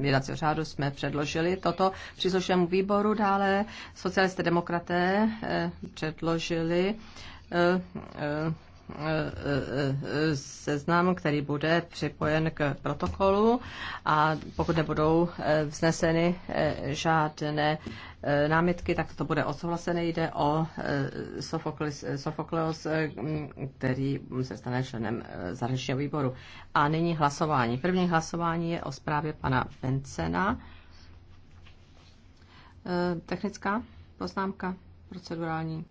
jednacího řádu jsme předložili toto příslušnému výboru. Dále socialisté demokraté eh, předložili eh, eh, seznam, který bude připojen k protokolu a pokud nebudou vzneseny žádné námitky, tak to bude odsouhlasené. Jde o Sofokleos, který se stane členem zahraničního výboru. A nyní hlasování. První hlasování je o zprávě pana Pencena. Technická poznámka, procedurální.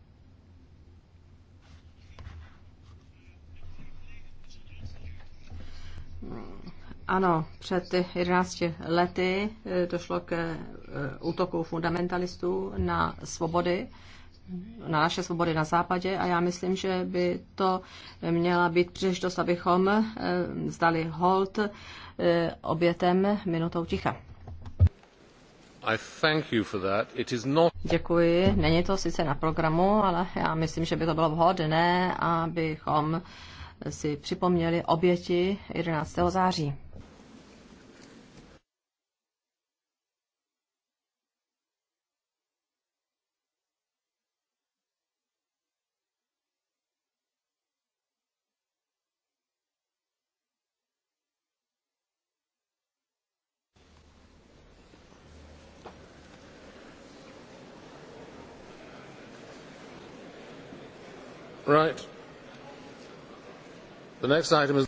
Ano, před 11 lety eh, došlo k eh, útoku fundamentalistů na svobody, na naše svobody na západě a já myslím, že by to měla být příležitost, abychom eh, zdali hold obětem minutou ticha. I thank you for that. It is not... Děkuji. Není to sice na programu, ale já myslím, že by to bylo vhodné, abychom si připomněli oběti 11. září. Right. The next item is...